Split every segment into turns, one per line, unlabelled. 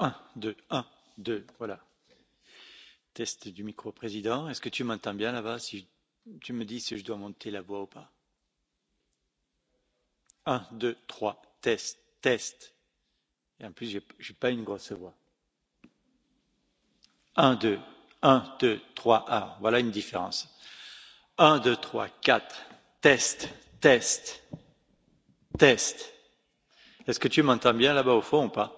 Un, deux, un, deux, voilà. Test du micro président. Est-ce que tu m'entends bien là-bas si tu me dis si je dois monter la voix ou pas Un, deux, trois, test, test. Et en plus, je n'ai pas une grosse voix. Un, deux, un, deux, trois, un. Voilà une différence. Un, deux, trois, quatre. Test, test, test. Est-ce que tu m'entends bien là-bas au fond ou pas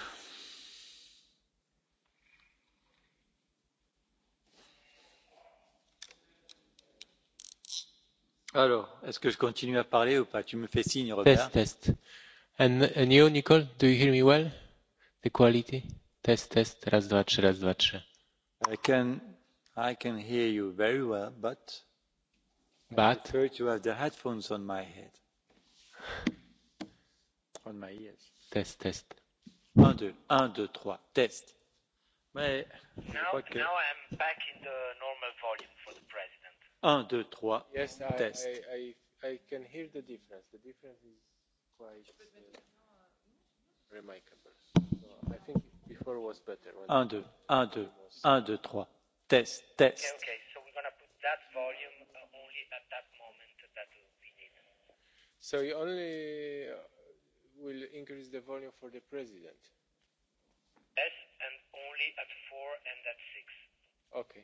Alors, est-ce que je continue à parler ou pas Tu me fais signe, Robert.
Test, test. And, and you, Nicole, do you hear me well? The quality? Test, test. Raz, dwa, trzy, raz, dwa, trzy.
I can, I can hear you very well, but, but? I prefer to have the headphones on my head. On my ears. Test, test. Un, deux, un, deux, trois. Test. Mais, now, que... now I'm
back in the normal volume.
1, 2, 3, тест.
I can hear the difference. The difference is quite remarkable. So I think before was better. When
1, 2, Test, test. Okay, okay. So we're going put that volume
only at that moment that
we need. So you only will increase the volume for the president? Yes, and only at four and at six. Okay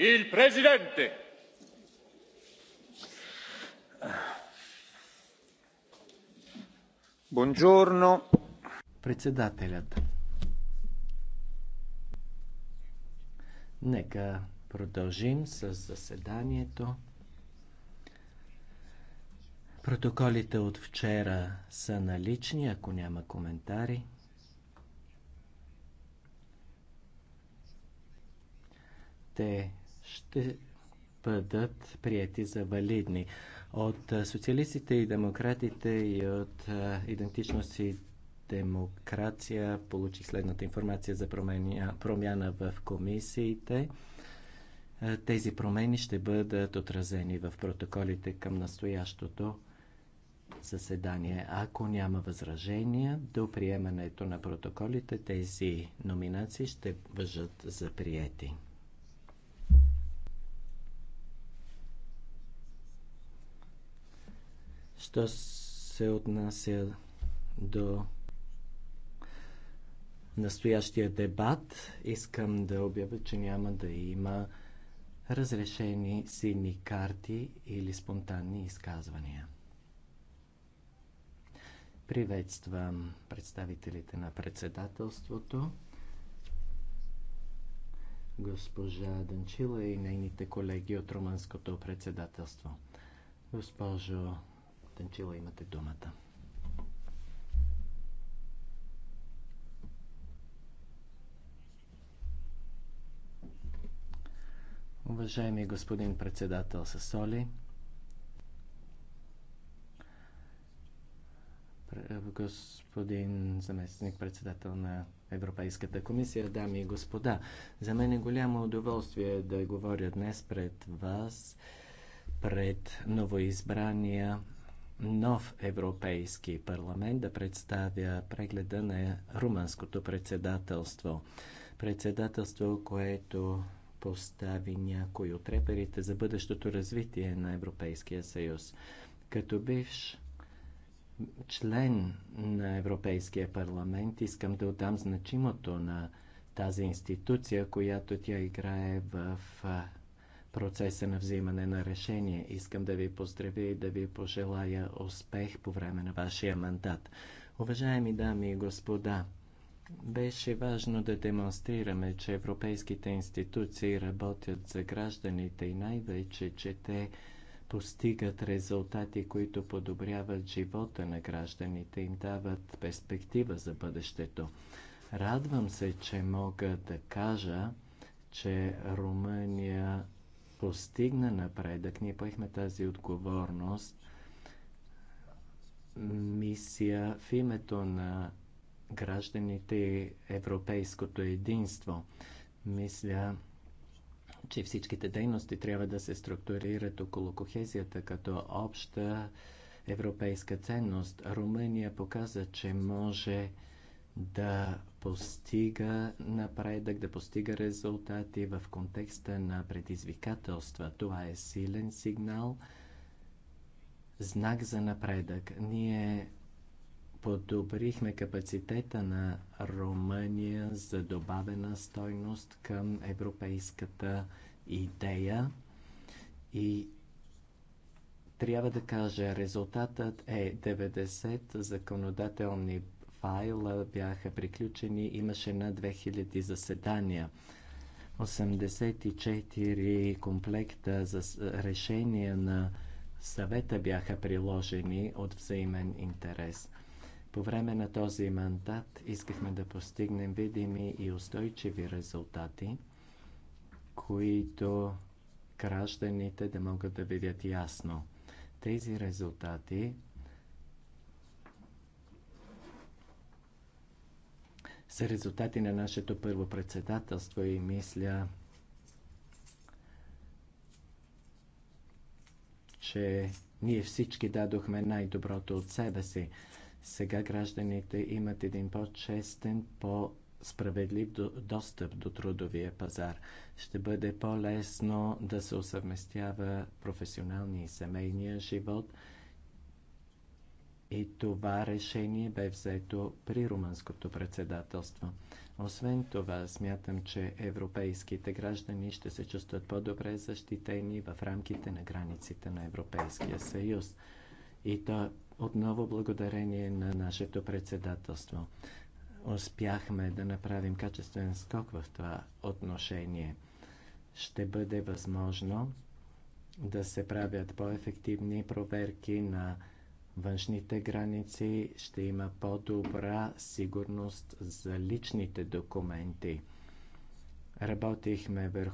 Il presidente.
Buongiorno. Председателят. Нека продължим с заседанието. Протоколите от вчера са налични, ако няма коментари. Те ще бъдат прияти за валидни. От социалистите и демократите и от идентичност и демокрация получих следната информация за промяна в комисиите. Тези промени ще бъдат отразени в протоколите към настоящото заседание. Ако няма възражения до приемането на протоколите, тези номинации ще въжат за приети. Що се отнася до настоящия дебат, искам да обявя, че няма да има разрешени сини карти или спонтанни изказвания. Приветствам представителите на председателството, госпожа Данчила и нейните колеги от румънското председателство. Госпожо Данчила, имате думата. Уважаеми господин председател Сасоли, господин заместник председател на Европейската комисия, дами и господа, за мен е голямо удоволствие да говоря днес пред вас, пред новоизбрания нов Европейски парламент да представя прегледа на румънското председателство. Председателство, което постави някои от реперите за бъдещото развитие на Европейския съюз. Като бивш член на Европейския парламент искам да отдам значимото на тази институция, която тя играе в процеса на взимане на решение. Искам да ви поздравя и да ви пожелая успех по време на вашия мандат. Уважаеми дами и господа, беше важно да демонстрираме, че европейските институции работят за гражданите и най-вече, че те постигат резултати, които подобряват живота на гражданите, им дават перспектива за бъдещето. Радвам се, че мога да кажа, че Румъния постигна напредък. Ние поехме тази отговорност мисия в името на гражданите и европейското единство. Мисля, че всичките дейности трябва да се структурират около кохезията като обща европейска ценност. Румъния показа, че може да постига напредък, да постига резултати в контекста на предизвикателства. Това е силен сигнал, знак за напредък. Ние подобрихме капацитета на Румъния за добавена стойност към европейската идея и трябва да кажа, резултатът е 90 законодателни файла бяха приключени. Имаше над 2000 заседания. 84 комплекта за решения на съвета бяха приложени от взаимен интерес. По време на този мандат искахме да постигнем видими и устойчиви резултати, които гражданите да могат да видят ясно. Тези резултати са резултати на нашето първо председателство и мисля, че ние всички дадохме най-доброто от себе си. Сега гражданите имат един по-честен, по-справедлив достъп до трудовия пазар. Ще бъде по-лесно да се усъвместява професионалния и семейния живот – и това решение бе взето при румънското председателство. Освен това, смятам, че европейските граждани ще се чувстват по-добре защитени в рамките на границите на Европейския съюз. И то отново благодарение на нашето председателство. Успяхме да направим качествен скок в това отношение. Ще бъде възможно да се правят по-ефективни проверки на външните граници, ще има по-добра сигурност за личните документи. Работихме върху